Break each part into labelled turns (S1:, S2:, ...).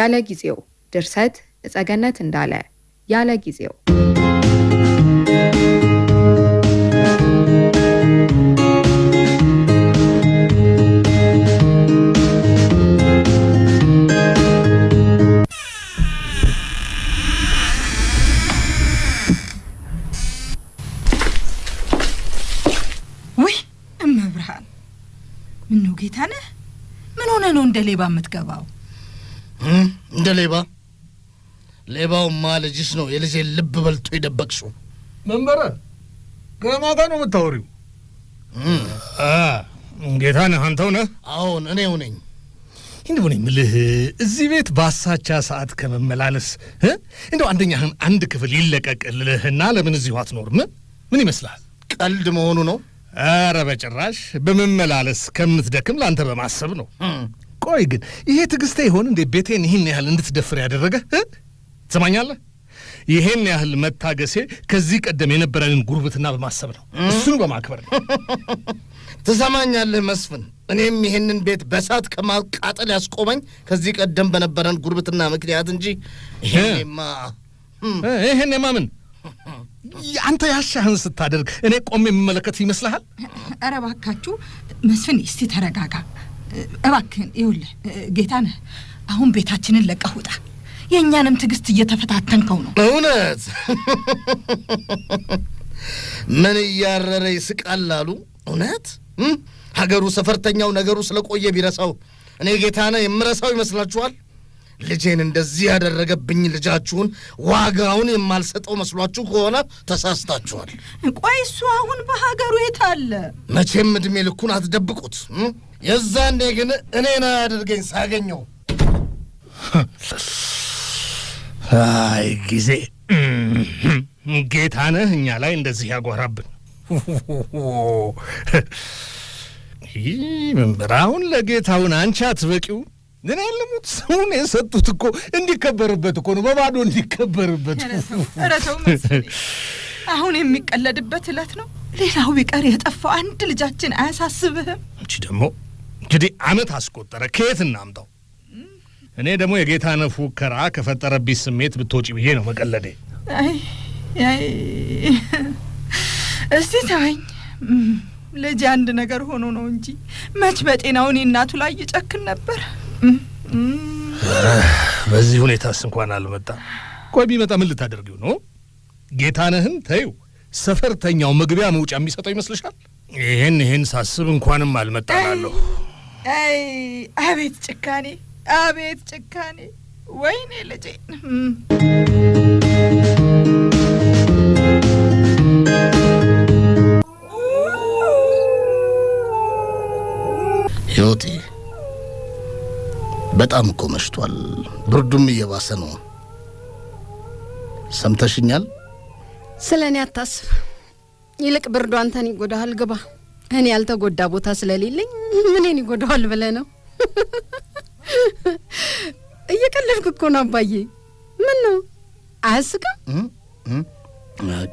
S1: ያለ ጊዜው ድርሰት እጸገነት እንዳለ ያለ ጊዜው
S2: ውይ እመብርሃን ምነው ጌታ ነህ ምን ሆነ ነው እንደ ሌባ የምትገባው
S3: እንደ ሌባ ሌባውማ ልጅሽ ነው። የልጄን ልብ በልቶ የደበቅሽው
S4: መንበረ ገማ ጋር ነው የምታወሪው? ጌታ ነህ አንተው ነህ?
S3: አዎን እኔው ነኝ።
S4: እንዲሁ እኔ ምልህ እዚህ ቤት በአሳቻ ሰዓት ከመመላለስ እንደው አንደኛህን አንድ ክፍል ይለቀቅልህና ለምን እዚሁ አትኖርም? ምን ይመስላል
S3: ቀልድ መሆኑ ነው?
S4: አረ በጭራሽ። በመመላለስ ከምትደክም ለአንተ በማሰብ ነው። ቆይ ግን ይሄ ትዕግስቴ ይሆን እንዴ ቤቴን ይህን ያህል እንድትደፍር ያደረገ? ትሰማኛለህ? ይሄን ያህል መታገሴ ከዚህ ቀደም የነበረንን ጉርብትና በማሰብ ነው፣ እሱን በማክበር ነው።
S3: ትሰማኛለህ መስፍን፣ እኔም ይሄንን ቤት በሳት ከማቃጠል ያስቆመኝ ከዚህ ቀደም በነበረን ጉርብትና ምክንያት እንጂ ይሄማ
S4: ይሄን የማምን አንተ ያሻህን ስታደርግ እኔ ቆሜ የምመለከት ይመስልሃል?
S2: ኧረ እባካችሁ መስፍን፣ እስቲ ተረጋጋ። እባክህን ይኸውልህ፣ ጌታ ነህ። አሁን ቤታችንን ለቀህ ውጣ። የእኛንም ትዕግስት እየተፈታተንከው ነው።
S3: እውነት ምን እያረረ ይስቃል አሉ። እውነት ሀገሩ ሰፈርተኛው ነገሩ ስለቆየ ቢረሳው፣ እኔ ጌታ ነህ የምረሳው ይመስላችኋል? ልጄን እንደዚህ ያደረገብኝ ልጃችሁን ዋጋውን የማልሰጠው መስሏችሁ ከሆነ ተሳስታችኋል።
S2: ቆይ እሱ አሁን በሀገሩ የት አለ?
S3: መቼም እድሜ ልኩን አትደብቁት። የዛኔ ግን እኔን አያደርገኝ ሳገኘው
S4: አይ ጊዜ ጌታነህ እኛ ላይ እንደዚህ ያጓራብን። ይህ ምንብር አሁን ለጌታውን አንቺ አትበቂው ምን ያለሙት ሰውን የሰጡት እኮ እንዲከበርበት እኮ ነው፣ በባዶ እንዲከበርበት።
S2: አሁን የሚቀለድበት እለት ነው። ሌላው ቢቀር የጠፋው አንድ ልጃችን አያሳስብህም?
S4: አንቺ ደግሞ እንግዲህ አመት አስቆጠረ፣ ከየት እናምጣው? እኔ ደግሞ የጌታነ ከራ ከፈጠረብኝ ስሜት ብትወጪ ብዬ ነው መቀለዴ።
S2: አይ አይ፣ እስቲ ተወኝ። ልጅ አንድ ነገር ሆኖ ነው እንጂ መች በጤናውን እናቱ ላይ ይጨክን ነበር።
S4: በዚህ ሁኔታስ እንኳን አልመጣም። ቆይ ቢመጣ ምን ልታደርጊው ነው? ጌታነህን ተይው። ሰፈርተኛው መግቢያ መውጫ የሚሰጠው ይመስልሻል? ይህን ይህን ሳስብ እንኳንም አልመጣላለሁ።
S2: አይ አቤት ጭካኔ፣ አቤት ጭካኔ! ወይኔ ልጄ
S3: ሕይወቴ በጣም እኮ መሽቷል። ብርዱም እየባሰ ነው። ሰምተሽኛል?
S2: ስለ እኔ አታስብ። ይልቅ ብርዱ አንተን ይጎዳሃል። ግባ። እኔ ያልተጎዳ ቦታ ስለሌለኝ ምንን ይጎዳዋል ብለ ነው? እየቀለድክ እኮ ነው አባዬ። ምን ነው አያስቅም?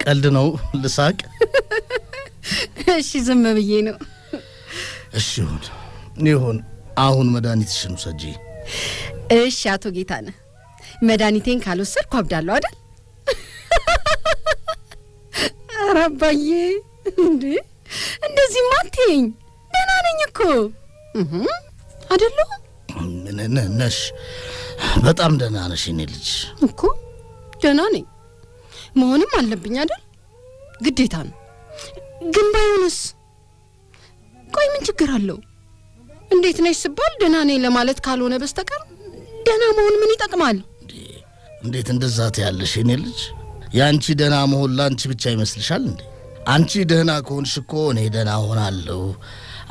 S3: ቀልድ ነው። ልሳቅ?
S2: እሺ፣ ዝም ብዬ ነው።
S3: እሺ ይሁን ይሁን። አሁን መድኃኒትሽን ውሰጂ።
S2: እሺ አቶ ጌታነህ መድኃኒቴን ካልወሰድኩ አብዳለሁ አይደል? ኧረ አባዬ እንዴ እንደዚህ ማትኝ ደህና ነኝ እኮ አይደለሁ
S3: ነሽ። በጣም ደህና ነሽ የኔ ልጅ።
S2: እኮ ደህና ነኝ መሆንም አለብኝ አይደል? ግዴታ ነው። ግን ባይሆንስ? ቆይ ምን ችግር አለው? እንዴት ነሽ ስባል ደህና ነኝ ለማለት ካልሆነ በስተቀር ደህና መሆን ምን ይጠቅማል?
S3: እንዴት እንደዛ ትያለሽ የኔ ልጅ? የአንቺ ደህና መሆን ለአንቺ ብቻ ይመስልሻል እንዴ? አንቺ ደህና ከሆንሽ እኮ እኔ ደህና ሆናለሁ።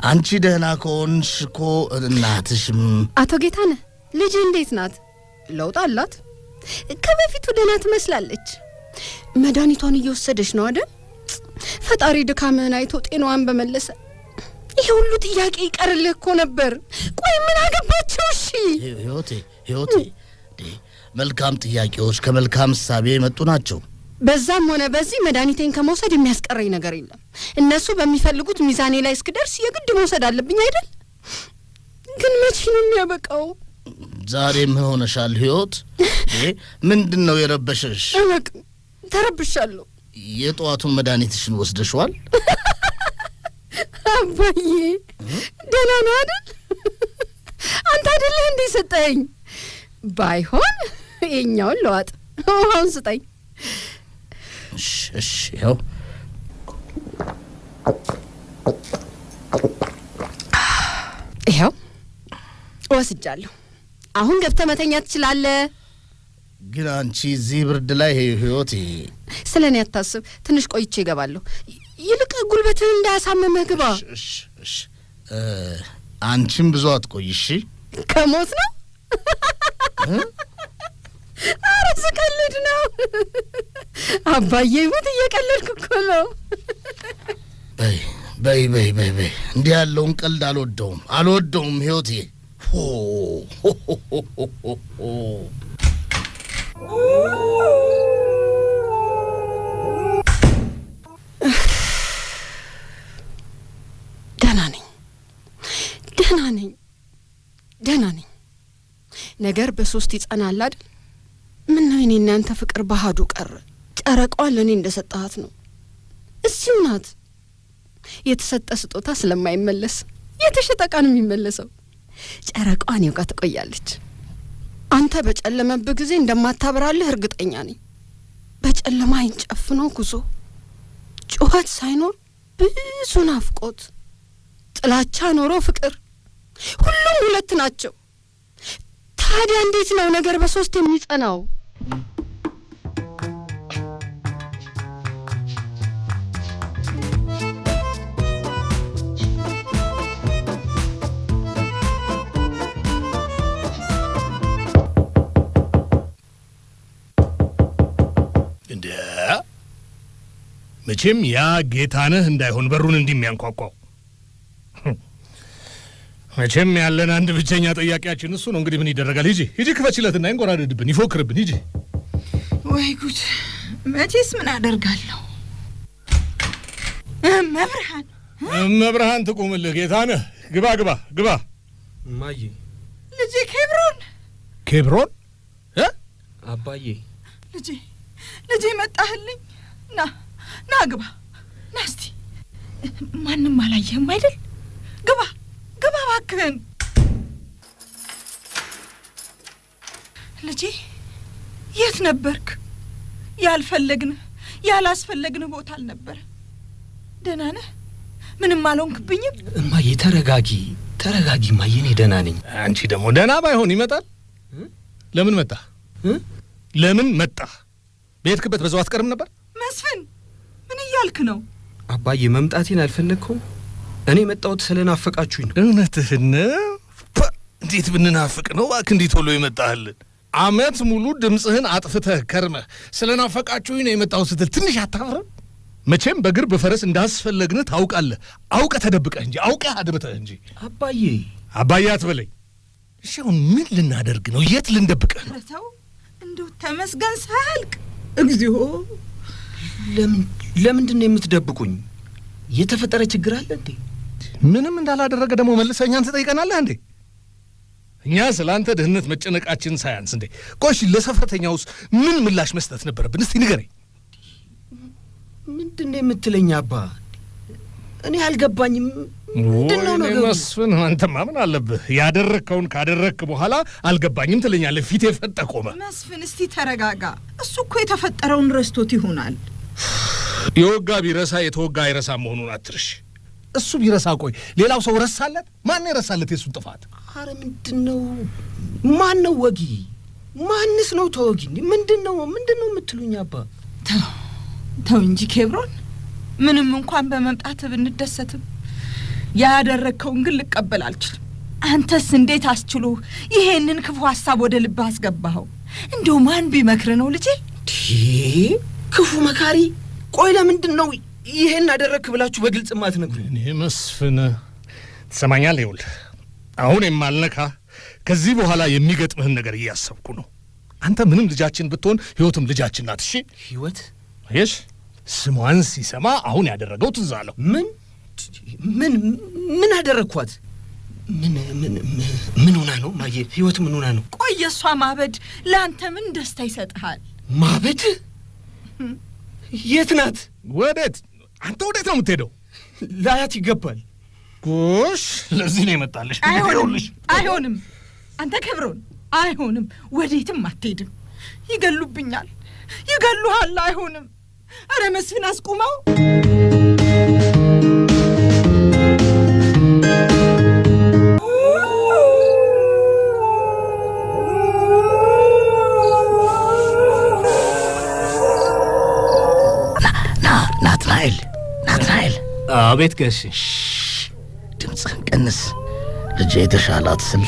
S3: አንቺ ደህና ከሆንሽ እኮ እናትሽም።
S2: አቶ ጌታነህ ልጅ እንዴት ናት? ለውጥ አላት። ከበፊቱ ደህና ትመስላለች። መድኃኒቷን እየወሰደች ነው አደል? ፈጣሪ ድካምህን አይቶ ጤናዋን በመለሰ ይሄ ሁሉ ጥያቄ ይቀርልህ እኮ ነበር። ቆይ ምን አገባቸው? እሺ
S3: ህይወቴ፣ ህይወቴ መልካም ጥያቄዎች ከመልካም እሳቤ የመጡ ናቸው።
S2: በዛም ሆነ በዚህ መድኃኒቴን ከመውሰድ የሚያስቀረኝ ነገር የለም። እነሱ በሚፈልጉት ሚዛኔ ላይ እስክደርስ የግድ መውሰድ አለብኝ አይደል? ግን መቼ ነው የሚያበቃው?
S3: ዛሬ ምን ሆነሻል ህይወት? ምንድን ነው የረበሸሽ?
S2: ተረብሻለሁ።
S3: የጠዋቱን መድኃኒትሽን ወስደሽዋል?
S2: አባዬ ደህና ነው አይደል? አንተ አይደለ እንዴ ስጠኝ። ባይሆን የኛውን ለዋጥ ውሃውን ስጠኝ። እሺ፣ ይኸው ይኸው ወስጃለሁ። አሁን ገብተህ መተኛ ትችላለህ።
S3: ግን አንቺ እዚህ ብርድ ላይ ህይወት።
S2: ስለ እኔ አታስብ፣ ትንሽ ቆይቼ እገባለሁ። ይልቅ ጉልበትን እንዳያሳመመህ ግባ።
S3: አንቺም ብዙ አትቆይ። እሺ
S2: ከሞት ነው። ኧረ ስቀልድ ነው አባዬ፣ ይሙት እየቀለድኩ እኮ ነው።
S3: በይ በይ በይ በይ በይ፣ እንዲህ ያለውን ቀልድ አልወደውም አልወደውም ህይወቴ።
S2: ደህና ነኝ፣ ደህና ነኝ። ነገር በሶስት ይጸናል አይደል? ምን ነው የኔ እናንተ ፍቅር ባህዱ ቀረ። ጨረቋ ለእኔ እንደ ሰጠሃት ነው፣ እዚሁ ናት። የተሰጠ ስጦታ ስለማይመለስ የተሸጠ ዕቃ ነው የሚመለሰው። ጨረቋን ይውቃ ትቆያለች። አንተ በጨለመብህ ጊዜ እንደማታብራልህ እርግጠኛ ነኝ። በጨለማ አይን ጨፍኖ ጉዞ፣ ጩኸት ሳይኖር ብዙ ናፍቆት፣ ጥላቻ ኖሮ ፍቅር ሁሉም ሁለት ናቸው። ታዲያ እንዴት ነው ነገር በሶስት የሚጸናው?
S4: እንደ መቼም ያ ጌታነህ እንዳይሆን በሩን እንዲህ የሚያንኳኳው መቼም ያለን አንድ ብቸኛ ጠያቂያችን እሱ ነው። እንግዲህ ምን ይደረጋል? ሂጂ ሂጂ፣ ክፈችለትና ይንጎራደድብን፣ ይፎክርብን። ሂጂ።
S2: ወይ ጉድ! መቼስ ምን አደርጋለሁ። መብርሃን
S4: መብርሃን ትቁምልህ። ጌታነህ ግባ፣ ግባ፣ ግባ።
S3: እማዬ፣
S2: ልጄ ኬብሮን፣
S4: ኬብሮን
S3: አባዬ፣
S2: ልጄ፣ ልጄ መጣህልኝ። ና ና፣ ግባ። ናስቲ ማንም አላየህም አይደል? ግባ ግባ እባክህን። ልጄ የት ነበርክ? ያልፈለግንህ ያላስፈለግንህ ቦታ አልነበረ። ደህና ነህ? ምንም አልሆንክብኝም?
S3: እማዬ ተረጋጊ፣ ተረጋጊ እማዬ፣ እኔ ደህና ነኝ።
S4: አንቺ ደግሞ ደህና ባይሆን ይመጣል። ለምን መጣ? ለምን መጣ? በየትክበት በዛው አትቀርም ነበር።
S2: መስፍን ምን እያልክ ነው?
S3: አባዬ መምጣቴን አልፈለግከውም? እኔ የመጣሁት ስለናፈቃችሁኝ ነው።
S4: እውነትህን ነው። እንዴት ብንናፍቅ ነው እባክህ። እንዴት ቶሎ ይመጣህልን? አመት ሙሉ ድምፅህን አጥፍተህ ከርመህ ስለናፈቃችሁኝ ነው የመጣሁት ስትል ትንሽ አታፍርም? መቼም በእግር በፈረስ እንዳስፈለግን ታውቃለህ። አውቀህ ተደብቀህ እንጂ አውቀህ አድብተህ እንጂ አባዬ አባዬ አትበለኝ። እሺ አሁን ምን ልናደርግ ነው? የት ልንደብቀህ
S2: ነው? ተው እንደው ተመስገን ሳያልቅ
S3: እግዚኦ። ለምንድን ነው የምትደብቁኝ? የተፈጠረ ችግር አለ እንዴ?
S4: ምንም እንዳላደረገ ደግሞ መልሰ እኛን ትጠይቀናለህ እንዴ? እኛ ስለ አንተ ድህነት መጨነቃችን ሳያንስ እንዴ? ቆሽ ለሰፈተኛ ውስጥ ምን ምላሽ መስጠት ነበረብን? እስቲ ንገረኝ።
S3: ምንድን ነው የምትለኝ አባ? እኔ አልገባኝም።
S4: ወይኔ መስፍን፣ አንተማ ምን አለብህ? ያደረግከውን ካደረግክ በኋላ አልገባኝም ትለኛለህ? ፊት የፈጠ ቆመ።
S2: መስፍን፣ እስቲ ተረጋጋ። እሱ እኮ የተፈጠረውን ረስቶት ይሆናል።
S4: የወጋ ቢረሳ የተወጋ አይረሳ መሆኑን አትርሽ። እሱ ቢረሳ ቆይ ሌላው ሰው ረሳለት? ማን ይረሳለት የእሱን ጥፋት?
S3: አረ ምንድን ነው? ማን ነው ወጊ? ማንስ ነው ተወጊ? ምንድን ነው ምንድን ነው የምትሉኝ? አባ
S2: ተው ተው እንጂ ኬብሮን፣ ምንም እንኳን በመምጣት ብንደሰትም ያደረግከውን ግን ልቀበል አልችልም። አንተስ እንዴት አስችሎ ይሄንን ክፉ ሀሳብ ወደ ልብ አስገባኸው? እንደው ማን ቢመክር ነው ልጄ?
S3: ክፉ መካሪ። ቆይ ለምንድን ነው ይሄን አደረግክ ብላችሁ በግልጽ ማትነግሩ
S4: እኔ መስፍን ትሰማኛል? ይውል አሁን የማልነካ ከዚህ በኋላ የሚገጥምህን ነገር እያሰብኩ ነው። አንተ ምንም ልጃችን ብትሆን ህይወትም ልጃችን ናት። እሺ ህይወት ይሽ ስሟን ሲሰማ አሁን ያደረገው ትዝ አለው።
S3: ምን ምን ምን አደረግኳት? ምን ምን ሆና ነው ማየ? ህይወት ምን ሆና ነው?
S2: ቆይ የእሷ ማበድ ለአንተ ምን ደስታ ይሰጥሃል?
S3: ማበድ የት ናት?
S4: ወዴት አንተ ወዴት ነው የምትሄደው?
S3: ላያት ይገባል። ጎሽ፣ ለዚህ ነው የመጣልሽ።
S2: አይሆንም፣ አይሆንም። አንተ ክብሮን፣ አይሆንም። ወዴትም አትሄድም። ይገሉብኛል፣ ይገሉሃል። አይሆንም። አረ መስፍን አስቁመው።
S3: ናትናኤል ናትናኤል። አቤት ጋሼ። ድምፅህን ቀንስ ልጄ የተሻላት ስል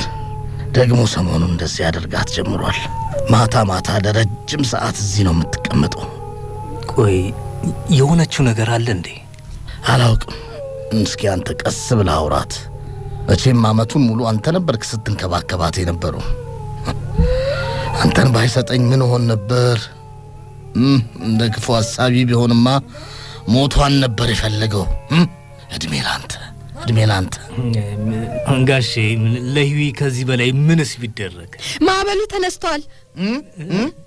S3: ደግሞ ሰሞኑ እንደዚህ ያደርጋት ጀምሯል። ማታ ማታ ለረጅም ሰዓት እዚህ ነው የምትቀመጠው። ቆይ የሆነችው ነገር አለ እንዴ? አላውቅም። እስኪ አንተ ቀስ ብለህ አውራት። መቼም አመቱን ሙሉ አንተ ነበርክ ስትንከባከባት የነበረው። አንተን ባይሰጠኝ ምን ሆን ነበር? እንደ ክፉ ሐሳቢ ቢሆንማ ሞቷን ነበር የፈለገው። እድሜ ላንተ፣ እድሜ ላንተ
S4: አንጋሼ። ለህዊ ከዚህ በላይ ምንስ ቢደረግ?
S2: ማዕበሉ ተነስቷል፣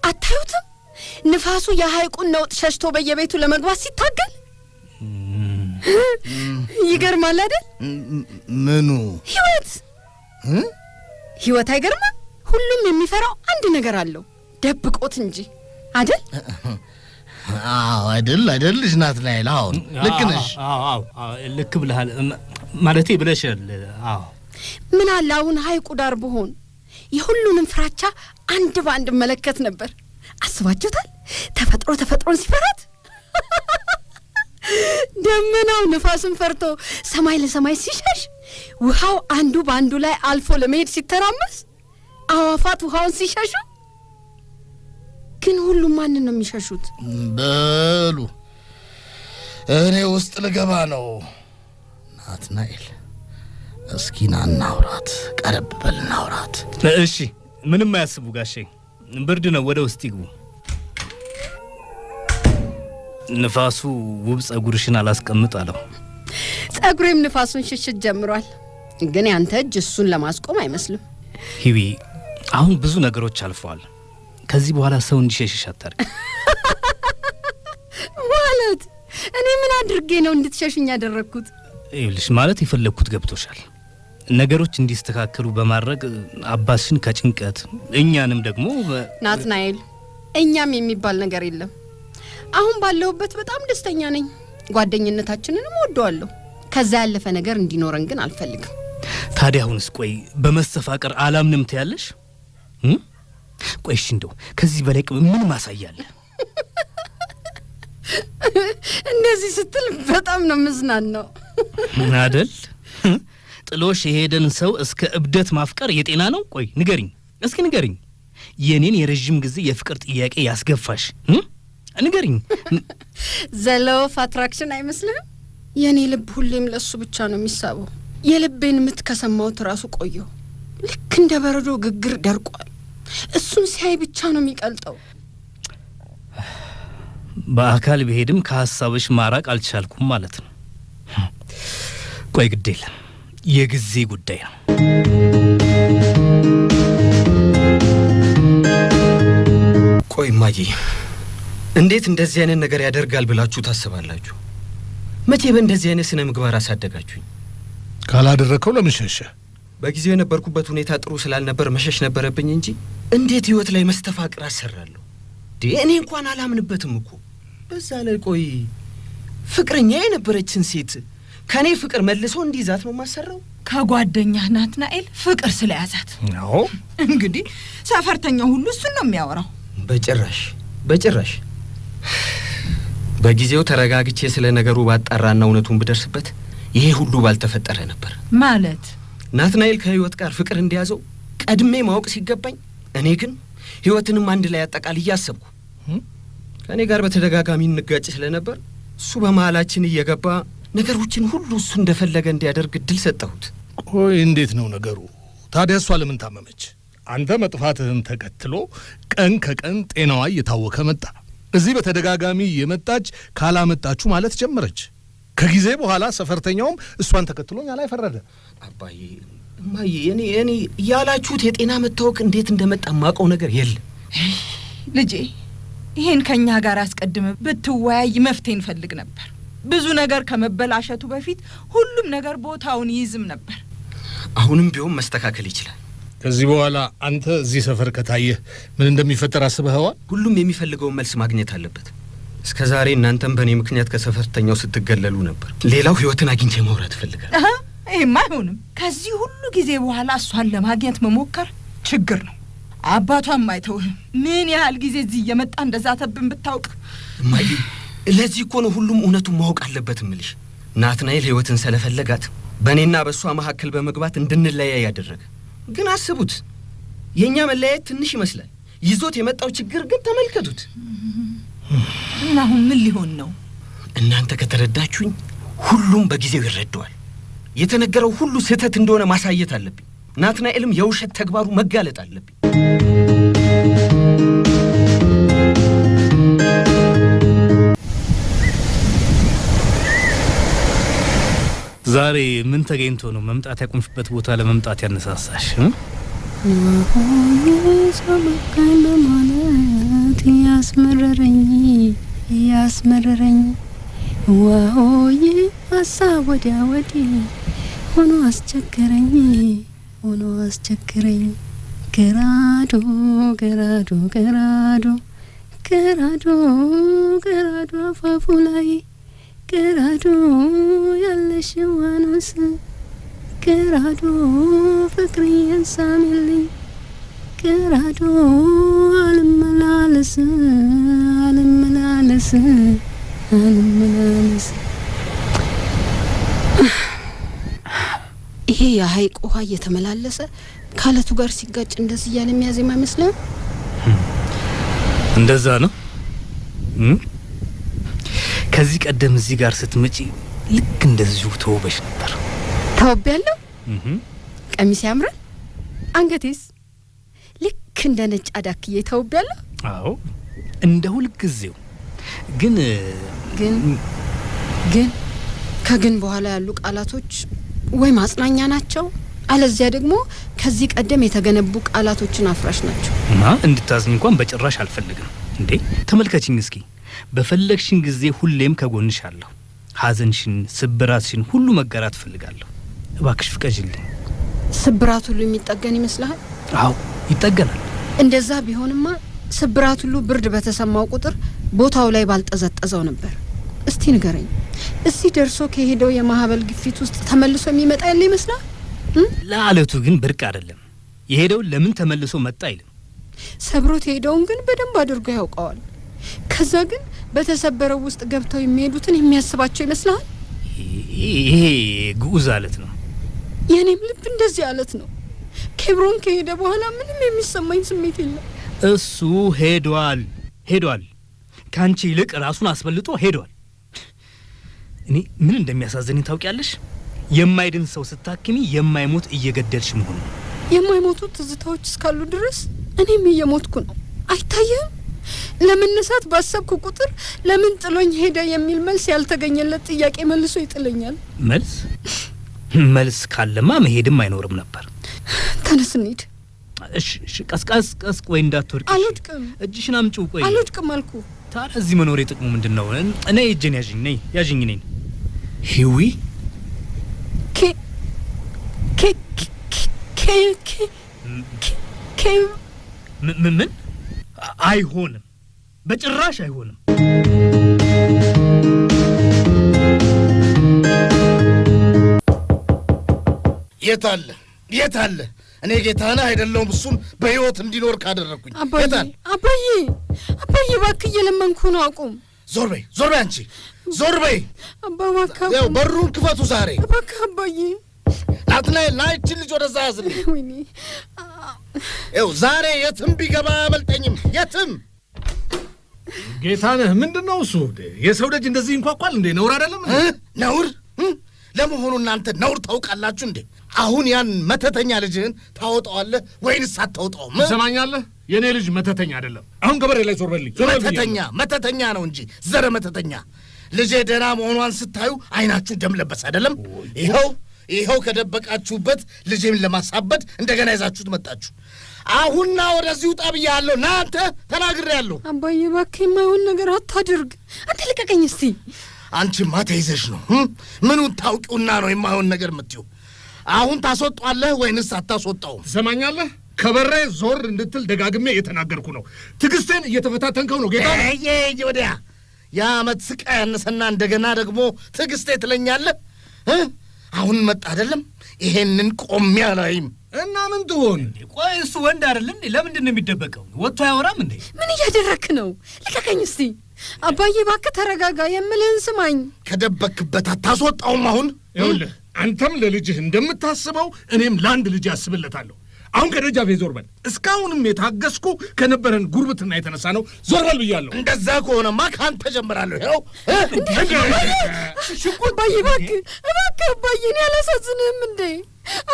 S2: አታዩትም? ንፋሱ የሐይቁን ነውጥ ሸሽቶ በየቤቱ ለመግባት ሲታገል ይገርማል አይደል? ምኑ ህይወት ህይወት አይገርማ? ሁሉም የሚፈራው አንድ ነገር አለው ደብቆት እንጂ አይደል?
S4: አይደል አይደል ልጅ ናት ናይል አሁን ልክ ነሽ ልክ ብለሃል ማለቴ ብለሻል አዎ
S2: ምን አለ አሁን ሀይቁ ዳር ብሆን የሁሉንም ፍራቻ አንድ በአንድ መለከት ነበር አስባችሁታል ተፈጥሮ ተፈጥሮን ሲፈራት ደመናው ንፋስን ፈርቶ ሰማይ ለሰማይ ሲሸሽ ውሃው አንዱ በአንዱ ላይ አልፎ ለመሄድ ሲተራመስ አዋፋት ውሃውን ሲሸሹ ግን ሁሉም ማንን ነው የሚሸሹት?
S3: በሉ እኔ ውስጥ ልገባ ነው። ናትናኤል እስኪ ና እናውራት፣ ቀረብ በል እናውራት።
S4: እሺ ምንም አያስቡ ጋሼ፣ ብርድ ነው። ወደ ውስጥ ይግቡ።
S3: ንፋሱ ውብ ጸጉርሽን አላስቀምጥ አለው።
S2: ጸጉሬም ንፋሱን ሽሽት ጀምሯል። ግን ያንተ እጅ እሱን ለማስቆም አይመስልም።
S3: ሂዊ፣ አሁን ብዙ ነገሮች አልፈዋል። ከዚህ በኋላ ሰው እንዲሸሽሽ አታርግ
S2: ማለት እኔ ምን አድርጌ ነው እንድትሸሽኝ ያደረግኩት?
S3: ይኸውልሽ ማለት የፈለግኩት ገብቶሻል። ነገሮች እንዲስተካከሉ በማድረግ አባትሽን ከጭንቀት እኛንም ደግሞ
S2: ናትናኤል፣ እኛም የሚባል ነገር የለም። አሁን ባለሁበት በጣም ደስተኛ ነኝ። ጓደኝነታችንንም ወደዋለሁ። ከዛ ያለፈ ነገር እንዲኖረን ግን አልፈልግም።
S3: ታዲያ አሁንስ ቆይ በመስተፋቀር አላምንም ትያለሽ? ቆይሽ እንደው ከዚህ በላይ ምን ማሳያለ?
S2: እንደዚህ ስትል በጣም ነው ምዝናናው
S3: አደል? ጥሎሽ የሄደን ሰው እስከ እብደት ማፍቀር የጤና ነው? ቆይ ንገሪኝ እስኪ ንገሪኝ፣ የኔን የረዥም ጊዜ የፍቅር ጥያቄ ያስገፋሽ ንገሪኝ።
S2: ዘለወፍ አትራክሽን አይመስልህም? የእኔ ልብ ሁሌም ለሱ ብቻ ነው የሚሳበው። የልቤን ምት ከሰማሁት ራሱ ቆየሁ። ልክ እንደ በረዶ ግግር ደርቋል። እሱን ሲያይ ብቻ ነው የሚቀልጠው።
S3: በአካል ብሄድም ከሀሳብሽ ማራቅ አልቻልኩም ማለት ነው። ቆይ ግድ የለም የጊዜ ጉዳይ ነው። ቆይ ማጂ፣ እንዴት እንደዚህ አይነት ነገር ያደርጋል ብላችሁ ታስባላችሁ? መቼ በእንደዚህ አይነት ስነ ምግባር አሳደጋችሁኝ?
S4: ካላደረግከው ለምን
S3: በጊዜው የነበርኩበት ሁኔታ ጥሩ ስላልነበር መሸሽ ነበረብኝ እንጂ እንዴት ህይወት ላይ መስተፋቅር አሰራለሁ? እኔ እንኳን አላምንበትም እኮ። በዛ ላይ ቆይ ፍቅረኛ የነበረችን ሴት ከእኔ ፍቅር መልሶ እንዲይዛት ነው የማሰራው?
S2: ከጓደኛህ ናትናኤል ፍቅር ስለያዛት ነው እንግዲህ። ሰፈርተኛው ሁሉ እሱን ነው የሚያወራው።
S3: በጭራሽ በጭራሽ። በጊዜው ተረጋግቼ ስለ ነገሩ ባጣራና እውነቱን ብደርስበት ይሄ ሁሉ ባልተፈጠረ ነበር ማለት ናትናኤል ከህይወት ጋር ፍቅር እንደያዘው ቀድሜ ማወቅ ሲገባኝ፣ እኔ ግን ህይወትንም አንድ ላይ አጠቃል እያሰብኩ ከእኔ ጋር በተደጋጋሚ እንጋጭ ስለነበር እሱ በመሀላችን እየገባ ነገሮችን ሁሉ እሱ እንደፈለገ እንዲያደርግ እድል ሰጠሁት።
S4: ቆይ እንዴት ነው ነገሩ ታዲያ? እሷ ለምን ታመመች? አንተ መጥፋትህን ተከትሎ ቀን ከቀን ጤናዋ እየታወከ መጣ። እዚህ በተደጋጋሚ የመጣች ካላመጣችሁ ማለት ጀመረች። ከጊዜ በኋላ ሰፈርተኛውም እሷን ተከትሎኝ ላይ ፈረደ።
S3: አባዬ እማዬ፣ እኔ እኔ እያላችሁት የጤና መታወክ እንዴት እንደመጣ ማቀው ነገር የለም።
S2: ልጄ ይሄን ከእኛ ጋር አስቀድመ ብትወያይ መፍትሄ እንፈልግ ነበር። ብዙ ነገር ከመበላሸቱ በፊት ሁሉም ነገር ቦታውን ይይዝም ነበር።
S3: አሁንም ቢሆን መስተካከል ይችላል።
S4: ከዚህ በኋላ አንተ እዚህ ሰፈር ከታየህ ምን እንደሚፈጠር አስበህዋል?
S3: ሁሉም የሚፈልገውን መልስ ማግኘት አለበት። እስከ ዛሬ እናንተም በእኔ ምክንያት ከሰፈርተኛው ስትገለሉ ነበር። ሌላው ህይወትን አግኝቼ መውራት እፈልጋለሁ።
S2: ይህም አይሆንም። ከዚህ ሁሉ ጊዜ በኋላ እሷን ለማግኘት መሞከር ችግር ነው። አባቷም አይተውህም። ምን ያህል ጊዜ እዚህ እየመጣ እንደዛ ተብን ብታውቅ።
S3: እማዬ፣ ለዚህ እኮ ነው ሁሉም እውነቱን ማወቅ አለበት እምልሽ። ናትናኤል ህይወትን ስለፈለጋት በእኔና በእሷ መካከል በመግባት እንድንለያይ ያደረገ። ግን አስቡት፣ የእኛ መለያየት ትንሽ ይመስላል። ይዞት የመጣው ችግር ግን ተመልከቱት።
S2: እና አሁን ምን ሊሆን ነው?
S3: እናንተ ከተረዳችሁኝ ሁሉም በጊዜው ይረደዋል። የተነገረው ሁሉ ስህተት እንደሆነ ማሳየት አለብኝ። ናትናኤልም የውሸት ተግባሩ መጋለጥ አለብኝ።
S4: ዛሬ ምን ተገኝቶ ነው መምጣት ያቆምሽበት ቦታ ለመምጣት ያነሳሳሽ? ለሆነ ሰው በቃኝ በማለት እያስመረረኝ እያስመረረኝ ዋሆዬ ሀሳብ ወዲያ ወዲህ ሆኖ አስቸገረኝ ሆኖ አስቸገረኝ ገራዶ ገራዶ ገራዶ ገራዶ
S2: ገራዶ አፋፉ ላይ ገራዶ ያለሽዋኖስ ቅራዶ ፍቅሬን ሳሚልኝ ቅራዶ አልመላለስ አልመላለስ አልመላለስ። ይሄ የሀይቅ ውሃ እየተመላለሰ ከአለቱ ጋር ሲጋጭ እንደዚህ እያለ የሚያዜማ አይመስልም?
S3: እንደዛ ነው። ከዚህ ቀደም እዚህ ጋር ስትመጪ ልክ እንደዚሁ ተውበሽ ነበር።
S2: ተውብ ያለው ቀሚስ ያምራል። አንገቴስ ልክ እንደ ነጭ አዳክዬ ተውብ ያለው።
S3: አዎ እንደ ሁልጊዜው ግን
S2: ግን ግን ከግን በኋላ ያሉ ቃላቶች ወይ ማጽናኛ ናቸው፣ አለዚያ ደግሞ ከዚህ ቀደም የተገነቡ ቃላቶችን አፍራሽ ናቸው።
S3: ማ እንድታዝኝ እንኳን በጭራሽ አልፈልግም። እንዴ ተመልከችኝ እስኪ። በፈለግሽን ጊዜ ሁሌም ከጎንሽ አለሁ። ሐዘንሽን፣ ስብራትሽን ሁሉ መጋራት ፈልጋለሁ። እባክሽ ፍቀጅልኝ።
S2: ስብራት ሁሉ የሚጠገን ይመስልሃል?
S3: አዎ ይጠገናል።
S2: እንደዛ ቢሆንማ ስብራት ሁሉ ብርድ በተሰማው ቁጥር ቦታው ላይ ባልጠዘጠዘው ነበር። እስቲ ንገረኝ፣ እዚህ ደርሶ ከሄደው የማህበል ግፊት ውስጥ ተመልሶ የሚመጣ ያለ ይመስላል?
S3: ለአለቱ ግን ብርቅ አይደለም። የሄደው ለምን ተመልሶ መጣ አይልም።
S2: ሰብሮት የሄደውን ግን በደንብ አድርጎ ያውቀዋል። ከዛ ግን በተሰበረው ውስጥ ገብተው የሚሄዱትን የሚያስባቸው ይመስልሃል?
S3: ይሄ ግዑዝ አለት ነው።
S2: የእኔም ልብ እንደዚህ አለት ነው። ኬብሮን ከሄደ በኋላ ምንም የሚሰማኝ ስሜት የለም።
S3: እሱ ሄዷል ሄዷል። ከአንቺ ይልቅ ራሱን አስበልጦ ሄዷል። እኔ ምን እንደሚያሳዝንኝ ታውቂያለሽ? የማይድን ሰው ስታክሚ የማይሞት እየገደልሽ መሆኑ።
S2: የማይሞቱ ትዝታዎች እስካሉ ድረስ እኔም እየሞትኩ ነው። አይታየም? ለመነሳት ባሰብኩ ቁጥር ለምን ጥሎኝ ሄደ የሚል መልስ ያልተገኘለት ጥያቄ መልሶ ይጥለኛል።
S3: መልስ መልስ ካለማ መሄድም አይኖርም ነበር። ተነስ እንሂድ። እሺ፣ ቀስቀስ ቀስ። ቆይ እንዳትወድቅ። አልወድቅም። እጅሽን አምጪው። ቆይ
S2: አልወድቅም አልኩ።
S3: ታዲያ እዚህ መኖሬ ጥቅሙ ምንድን ነው? እኔ እጄን ያዥኝ፣ ነይ ያዥኝ። እኔን ሂዊ ምን አይሆንም፣ በጭራሽ አይሆንም። የት አለ የት አለ? እኔ ጌታነህ አይደለሁም። እሱን በሕይወት እንዲኖር ካደረግኩኝ
S2: አባዬ አባዬ አባዬ እባክህ እየለመንኩ ነው። አቁም!
S3: ዞር በይ ዞር በይ አንቺ ዞር በይ
S2: አባባካው
S3: ያው በሩን ክፈቱ ዛሬ
S2: እባክህ አባዬ።
S3: ናትናኤል ና ይችን ልጅ ወደዛ
S2: ያዝልኝ።
S3: ያው ዛሬ የትም ቢገባ አያመልጠኝም። የትም
S4: ጌታነህ። ምንድን ነው እሱ? የሰው ልጅ እንደዚህ እንኳኳል እንዴ? ነውር አይደለም
S3: ነውር። ለመሆኑ እናንተ ነውር ታውቃላችሁ እንዴ? አሁን ያን መተተኛ ልጅህን ታወጣዋለህ ወይንስ አታወጣውም?
S4: ትሰማኛለህ? የእኔ ልጅ መተተኛ አይደለም። አሁን ገበሬ ላይ ዞር በልኝ።
S3: መተተኛ መተተኛ ነው እንጂ ዘረ መተተኛ። ልጄ ደህና መሆኗን ስታዩ አይናችሁ ደም ለበስ አይደለም? ይኸው ይኸው ከደበቃችሁበት ልጄን ለማሳበድ እንደገና ይዛችሁት መጣችሁ። አሁንና ወደዚህ ውጣ ብያለሁ። ናንተ ተናግሬ ያለሁ።
S2: አባዬ እባክህ የማይሆን ነገር አታድርግ። አንተ ልቀቀኝ እስቲ።
S3: አንቺማ ተይዘሽ ነው ምኑን ታውቂውና ነው የማይሆን ነገር የምትይው? አሁን ታስወጧለህ ወይንስ አታስወጣውም?
S4: ትሰማኛለህ? ከበሬ ዞር እንድትል ደጋግሜ እየተናገርኩ ነው። ትዕግስትን እየተፈታተንከው ነው ጌታ።
S3: ወዲያ የዓመት ስቃይ ያነሰና እንደገና ደግሞ ትዕግስቴ ትለኛለህ። አሁን መጣ አይደለም። ይሄንን ቆሜ አላይም
S4: እና ምን ትሆን?
S3: ቆይ እሱ ወንድ አይደለም? ለምንድን ነው የሚደበቀው? ወጥቶ አያወራም እንዴ?
S2: ምን እያደረክ ነው? ልቀቀኝ እስቲ አባዬ፣ እባክህ ተረጋጋ። የምልህን ስማኝ።
S3: ከደበክበት አታስወጣውም። አሁን
S4: ይኸውልህ አንተም ለልጅህ እንደምታስበው እኔም ለአንድ ልጅ ያስብለታለሁ። አሁን ከደጃፌ ዞር በል። እስካሁንም የታገስኩ ከነበረን ጉርብትና የተነሳ ነው። ዞር በል ብያለሁ።
S3: እንደዛ ከሆነማ ከአንተ ጀምራለሁ። ይኸው
S2: ሽጉጥ ባይ፣ እባክህ እባክህ አባዬ፣ እኔ እንዴ?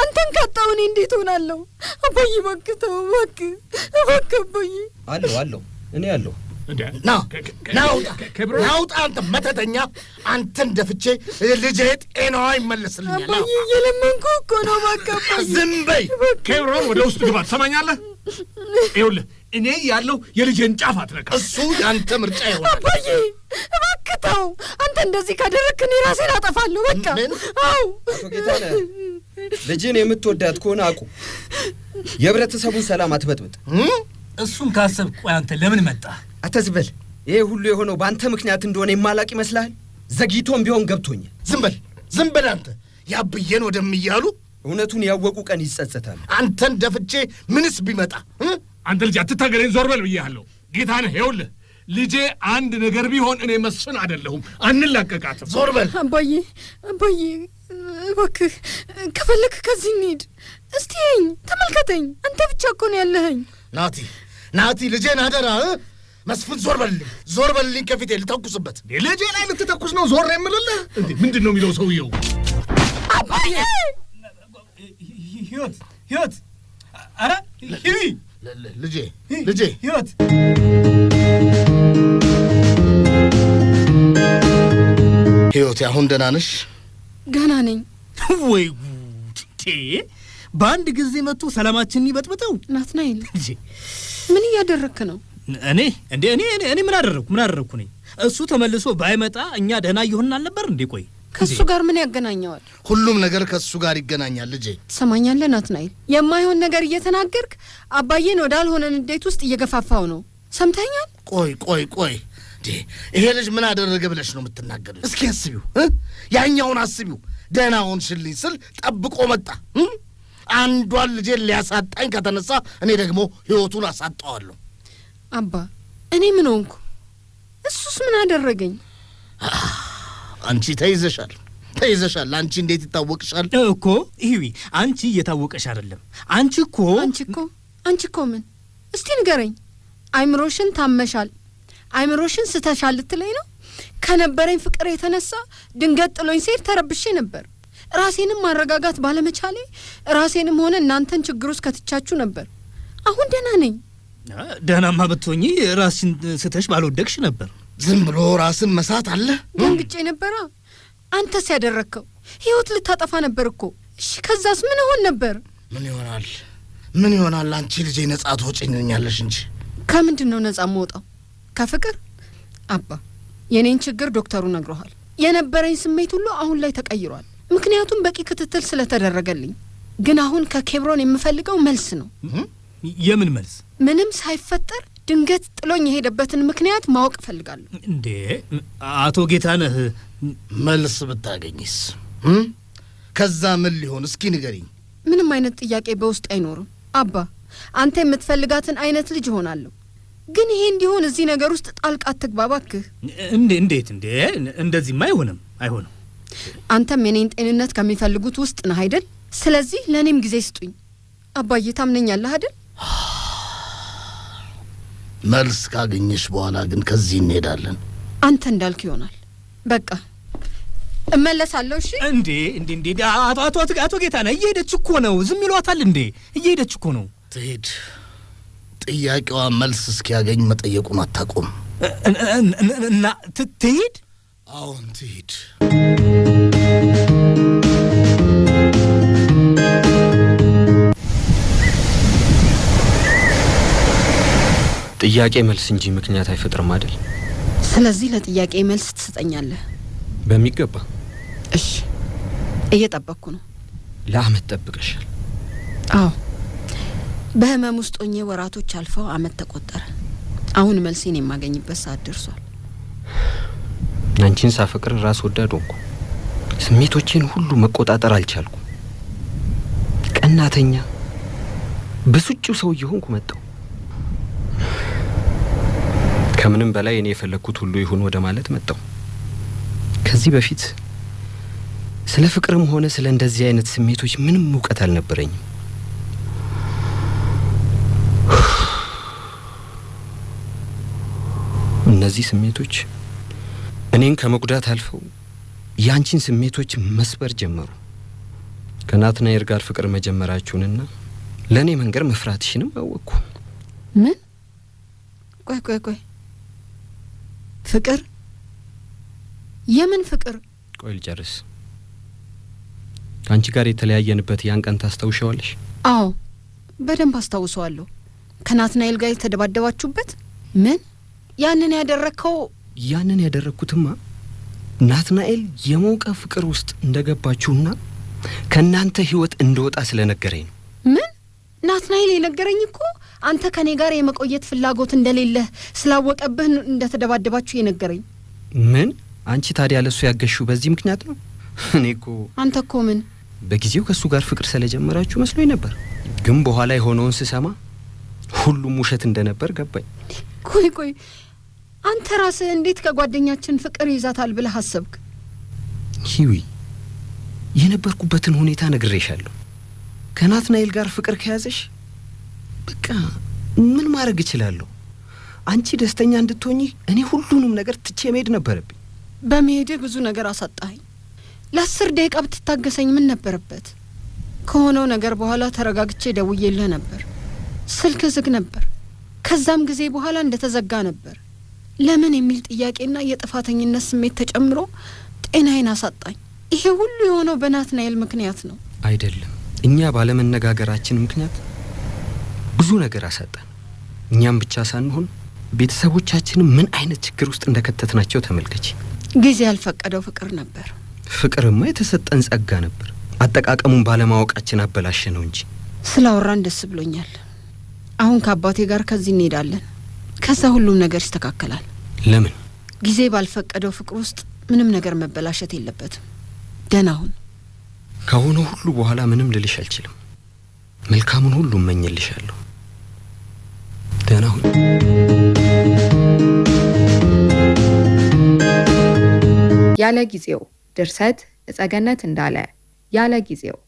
S2: አንተን ካጣሁ እኔ እንዴት ሆናለሁ? አባዬ ባክ ተው፣ ባክ እባክህ አባዬ።
S3: አለሁ አለሁ፣ እኔ አለሁ ናውጣ አንተ መተተኛ፣ አንተን ደፍቼ ልጄ ጤናዋ ይመለስልኛል።
S2: የለመንኩ እኮ ነው። በቃ
S4: ዝም በይ። ኬብሮን ወደ ውስጥ ግባ። ትሰማኛለህ? ይኸውልህ እኔ ያለው የልጄን ጫፍ አትነካ።
S3: እሱ ያንተ ምርጫ ይሆናል።
S2: አባዬ እባክህ ተው። አንተ እንደዚህ ካደረግክ እኔ ራሴን አጠፋለሁ። በቃ
S3: አዎ ልጅን የምትወዳት ከሆነ አቁ የህብረተሰቡን ሰላም አትበጥብጥ።
S4: እሱን ካሰብ ቆይ፣ አንተ ለምን መጣ
S3: አተዝበል። ይሄ ሁሉ የሆነው በአንተ ምክንያት እንደሆነ የማላቅ ይመስልሃል? ዘግይቶም ቢሆን ገብቶኛል። ዝምበል ዝምበል አንተ ያብዬን ወደምያሉ እውነቱን ያወቁ ቀን ይጸጸታል። አንተን ደፍቼ ምንስ ቢመጣ
S4: አንተ ልጅ አትታገለኝ፣ ዞር በል ብያለሁ። ጌታን ይኸውልህ ልጄ አንድ ነገር ቢሆን እኔ መስፍን አይደለሁም፣ አንላቀቃትም።
S3: ዞር በል
S2: አባዬ፣ አባዬ እባክህ ከፈለክ ከዚህ እንሂድ። እስቲኝ ተመልከተኝ፣ አንተ ብቻ እኮ ነው ያለኸኝ።
S3: ናቲ ናቲ፣ ልጄን አደራ መስፍን ዞር በልልኝ፣ ዞር በልልኝ፣ ከፊቴ ልተኩስበት።
S4: ልጄ ላይ ልትተኩስ ነው ዞር የምልልህ? እንዴ ምንድን ነው የሚለው ሰውየው? አባዬ ህይወት፣ ህይወት፣ አረ ሂዊ፣ ልጄ፣ ልጄ፣ ህይወት
S3: ህይወቴ፣ አሁን ደህና ነሽ? ገና ነኝ። ወይ ጉድ! በአንድ ጊዜ መጥቶ ሰላማችንን ይበጥብጠው።
S2: ናትናኤል፣ ምን እያደረክ ነው?
S3: እኔ እንዴ እኔ እኔ ምን አደረግኩ? ምን አደረግኩ? እኔ እሱ ተመልሶ ባይመጣ እኛ ደህና እየሆንን አልነበር እንዴ? ቆይ
S2: ከሱ ጋር ምን ያገናኘዋል?
S3: ሁሉም ነገር ከሱ ጋር ይገናኛል። ልጄ
S2: ትሰማኛለህ? ናትናኤል የማይሆን ነገር እየተናገርክ አባዬን ወዳልሆነ ንዴት ውስጥ እየገፋፋው ነው። ሰምተኛል?
S3: ቆይ ቆይ ቆይ ይሄ ልጅ ምን አደረገ ብለሽ ነው የምትናገረው? እስኪ አስቢው፣ ያኛውን አስቢው። ደህና ሆንሽልኝ ስል ጠብቆ መጣ። አንዷን ልጄን ሊያሳጣኝ ከተነሳ እኔ ደግሞ ህይወቱን አሳጣዋለሁ።
S2: አባ እኔ ምን ሆንኩ? እሱስ ምን አደረገኝ?
S3: አንቺ ተይዘሻል፣ ተይዘሻል። አንቺ እንዴት ይታወቅሻል
S4: እኮ ይህዊ። አንቺ እየታወቀሽ አይደለም። አንቺ እኮ
S2: አንቺ እኮ አንቺ እኮ ምን? እስቲ ንገረኝ። አይምሮሽን ታመሻል፣ አይምሮሽን ስተሻል ልትለኝ ነው? ከነበረኝ ፍቅር የተነሳ ድንገት ጥሎኝ ሴት ተረብሼ ነበር። ራሴንም ማረጋጋት ባለመቻሌ ራሴንም ሆነ እናንተን ችግር ውስጥ ከትቻችሁ ነበር። አሁን ደህና ነኝ።
S4: ደህናማ ብትሆኚ ራስሽን ስተሽ ባልወደቅሽ ነበር።
S3: ዝም ብሎ ራስን መሳት አለ።
S2: ደንግጬ ነበራ። አንተስ ያደረግከው ህይወት ልታጠፋ ነበር እኮ። እሺ ከዛስ ምን ሆን ነበር?
S3: ምን ይሆናል? ምን ይሆናል? አንቺ ልጄ ነጻ ትወጪኛለሽ እንጂ።
S2: ከምንድን ነው ነጻ መውጣው? ከፍቅር አባ። የኔን ችግር ዶክተሩ ነግሮሃል። የነበረኝ ስሜት ሁሉ አሁን ላይ ተቀይሯል። ምክንያቱም በቂ ክትትል ስለተደረገልኝ። ግን አሁን ከኬብሮን የምፈልገው መልስ ነው። የምን መልስ? ምንም ሳይፈጠር ድንገት ጥሎኝ የሄደበትን ምክንያት ማወቅ እፈልጋለሁ። እንዴ አቶ ጌታነህ መልስ ብታገኝስ? ከዛ ምን ሊሆን እስኪ ንገሪኝ። ምንም አይነት ጥያቄ በውስጥ አይኖርም አባ። አንተ የምትፈልጋትን አይነት ልጅ እሆናለሁ። ግን ይሄ እንዲሆን እዚህ ነገር ውስጥ ጣልቃ አትግባ እባክህ። እንዴ እንዴት? እንዴ እንደዚህም አይሆንም፣ አይሆንም። አንተም የኔን ጤንነት ከሚፈልጉት ውስጥ ነህ አይደል? ስለዚህ ለእኔም ጊዜ ስጡኝ አባዬ። ታምነኛለህ አይደል? መልስ ካገኘሽ በኋላ ግን ከዚህ እንሄዳለን። አንተ እንዳልክ ይሆናል። በቃ እመለሳለሁ። እሺ። እንዴ እንዴ እንዴ! አቶ አቶ ጌታነህ እየሄደች እኮ ነው። ዝም ይሏታል እንዴ? እየሄደች እኮ ነው። ትሄድ። ጥያቄዋ መልስ እስኪያገኝ መጠየቁን አታቆም። እና ትሄድ። አዎን ትሄድ። ጥያቄ መልስ እንጂ ምክንያት አይፈጥርም አይደል? ስለዚህ ለጥያቄ መልስ ትሰጠኛለህ? በሚገባ። እሺ፣ እየጠበቅኩ ነው። ለአመት ጠብቀሻል? አዎ። በህመም ውስጥ ሆኜ ወራቶች አልፈው አመት ተቆጠረ። አሁን መልሴን የማገኝበት ሰዓት ደርሷል። አንቺን ሳፈቅር ራስ ወዳድ ሆንኩ። ስሜቶቼን ሁሉ መቆጣጠር አልቻልኩም። ቀናተኛ ብስጩ ሰው እየሆንኩ መጣሁ። ከምንም በላይ እኔ የፈለግኩት ሁሉ ይሁን ወደ ማለት መጣው። ከዚህ በፊት ስለ ፍቅርም ሆነ ስለ እንደዚህ አይነት ስሜቶች ምንም እውቀት አልነበረኝም። እነዚህ ስሜቶች እኔን ከመጉዳት አልፈው ያንቺን ስሜቶች መስበር ጀመሩ። ከናትናኤል ጋር ፍቅር መጀመራችሁንና ለእኔ መንገር መፍራትሽንም አወቅኩ። ምን? ቆይ ቆይ ቆይ ፍቅር የምን ፍቅር? ቆይ ልጨርስ። ከአንቺ ጋር የተለያየንበት ያን ቀን ታስታውሻዋለሽ? አዎ በደንብ አስታውሰዋለሁ። ከናትናኤል ጋር የተደባደባችሁበት? ምን ያንን ያደረግከው? ያንን ያደረግኩትማ ናትናኤል የሞቀ ፍቅር ውስጥ እንደገባችሁና ከእናንተ ህይወት እንደወጣ ስለነገረኝ ነው። ምን ናትናኤል የነገረኝ እኮ አንተ ከእኔ ጋር የመቆየት ፍላጎት እንደሌለህ ስላወቀብህ እንደተደባደባችሁ የነገረኝ። ምን? አንቺ ታዲያ ለእሱ ያገሽው በዚህ ምክንያት ነው? እኔ እኮ አንተ እኮ ምን? በጊዜው ከእሱ ጋር ፍቅር ስለጀመራችሁ መስሎኝ ነበር፣ ግን በኋላ የሆነውን ስሰማ ሁሉም ውሸት እንደነበር ገባኝ። ቆይ ቆይ፣ አንተ ራስህ እንዴት ከጓደኛችን ፍቅር ይዛታል ብለህ አሰብክ? ሂዊ፣ የነበርኩበትን ሁኔታ ነግሬሻለሁ። ከናትናኤል ጋር ፍቅር ከያዘሽ በቃ ምን ማድረግ እችላለሁ? አንቺ ደስተኛ እንድትሆኚ እኔ ሁሉንም ነገር ትቼ መሄድ ነበረብኝ። በመሄድ ብዙ ነገር አሳጣኸኝ። ለአስር ደቂቃ ብትታገሰኝ ምን ነበረበት? ከሆነው ነገር በኋላ ተረጋግቼ ደውዬልህ ነበር። ስልክ ዝግ ነበር። ከዛም ጊዜ በኋላ እንደተዘጋ ነበር። ለምን የሚል ጥያቄና የጥፋተኝነት ስሜት ተጨምሮ ጤናዬን አሳጣኝ። ይሄ ሁሉ የሆነው በናትናኤል ምክንያት ነው። አይደለም እኛ ባለመነጋገራችን ምክንያት ብዙ ነገር አሳጣን። እኛም ብቻ ሳንሆን ቤተሰቦቻችንም ምን አይነት ችግር ውስጥ እንደከተትናቸው ተመልከች። ጊዜ ያልፈቀደው ፍቅር ነበር። ፍቅርማ የተሰጠን ጸጋ ነበር። አጠቃቀሙን ባለማወቃችን አበላሸ ነው እንጂ። ስላወራን ደስ ብሎኛል። አሁን ከአባቴ ጋር ከዚህ እንሄዳለን። ከዛ ሁሉም ነገር ይስተካከላል። ለምን ጊዜ ባልፈቀደው ፍቅር ውስጥ ምንም ነገር መበላሸት የለበትም። ደህና አሁን ከሆነ ሁሉ በኋላ ምንም ልልሽ አልችልም። መልካሙን ሁሉ እመኝልሻለሁ። ደህና ሁን። ያለ ጊዜው ድርሰት እፀገነት እንዳለ ያለ ጊዜው